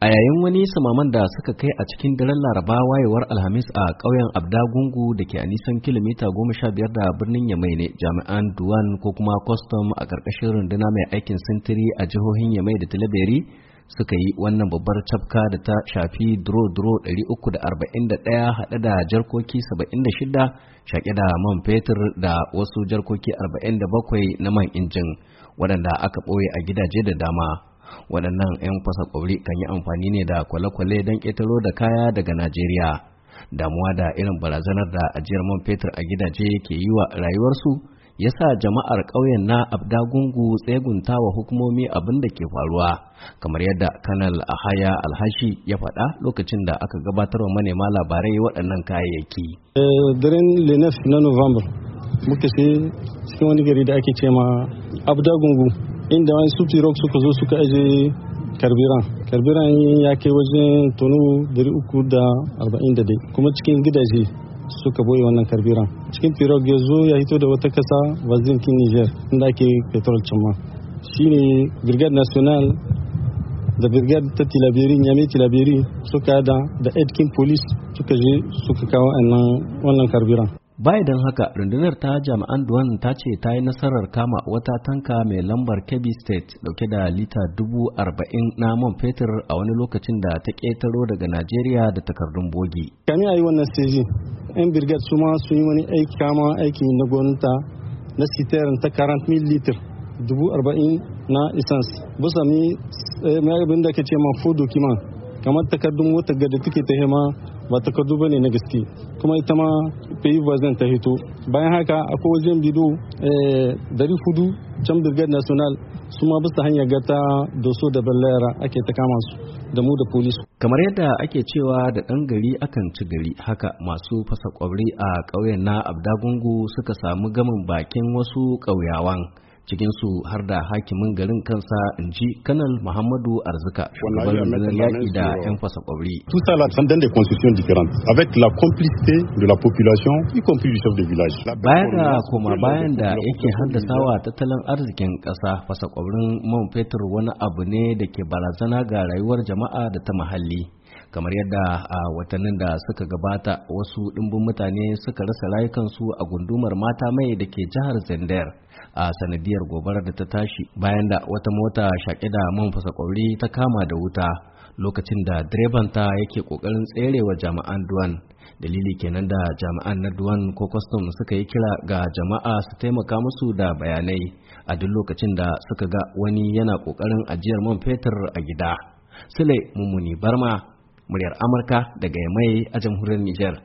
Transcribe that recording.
a yayin wani samaman da suka kai a cikin daren laraba wayewar alhamis a ƙauyen abdagungu da ke a nisan kilomita goma sha biyar da birnin yamai ne jami'an duwan ko kuma kwastam a ƙarƙashin runduna mai aikin sintiri a jihohin yamai da tilaberi suka yi wannan babbar cafka da ta shafi duro duro 341 haɗe da jarkoki 76 shaƙe da man fetur da wasu jarkoki 47 na man injin waɗanda aka ɓoye a gidaje da dama waɗannan 'yan fasa ƙauri kan yi amfani ne da kwale-kwale don ƙetaro da kaya daga najeriya damuwa da irin barazanar da ajiyar man fetur a gidaje ke yi wa rayuwarsu ya sa jama'ar ƙauyen na abdagungu tsegunta wa hukumomi abin da ke faruwa kamar yadda kanal ahaya alhashi ya faɗa lokacin da aka gabatar wa manema labarai waɗannan kayayyaki eh, daren na november muka sai cikin wani gari da ake ce ma gungu inda wani sufi rock suka zo suka aje karbiran karbiran ya kai wajen tonu 340 kuma cikin gidaje suka boye wannan karbiran cikin pirog ya zo ya hito da wata kasa vazinkin niger inda ake petrol cimma shine brigade national da brigade ta tilabiri nyame tilabiri suka da da edkin police suka je suka kawo wannan karbiran bai don haka rundunar ta jami'an duwan ta ce ta yi nasarar kama wata tanka mai lambar kebbi state dauke da lita dubu arba'in na man fetur a wani lokacin da ta ƙetaro daga najeriya da takardun bogi Kani a yi wannan stage yan birgat su ma sun yi wani aiki kama aiki na gwamnata na sitarin ta 40 mil dubu arba'in na essence bisa mi eh, abin da ke ce ma fudu kiman, kamar takardun wata gada take ta hema ba takardu ba ne na gaske kuma ita ma fayi bazan ta hito bayan haka akwai wajen bido eh, dari hudu can brigade national su ma bisa hanyar gata doso da bellera ake ta kama su da mu da polis kamar yadda ake cewa da ɗan gari akan ci gari haka masu fasa kwabri a ƙauyen na abdagungu suka samu gamin bakin wasu ƙauyawan cikinsu har da hakimin garin kansa in ji kanal muhammadu arzika shugaban rundunar yaƙi da yan fasa kwabri. tout ça là dans des constitutions avec la complicité de la population y compris du chef de village. baya ga koma bayan da yake haddasawa tattalin arzikin ƙasa fasa kwabrin man fetur wani abu ne da ke barazana ga rayuwar jama'a da ta muhalli. kamar yadda a watannin da suka gabata wasu ɗimbin mutane suka rasa rayukansu a gundumar mata mai da ke jihar zender a sanadiyar gobarar da ta tashi bayan da wata mota shaƙe da man fasa ƙwauri ta kama da wuta lokacin da direban ta yake ƙoƙarin tserewa jama'an duwan dalili kenan da jama'an na duwan ko kwastam suka yi kira ga jama'a su taimaka musu da bayanai a duk lokacin da suka ga wani yana ƙoƙarin ajiyar man fetur a gida sule mummuni barma muryar Amurka daga Yamai a jamhuriyar Nijar.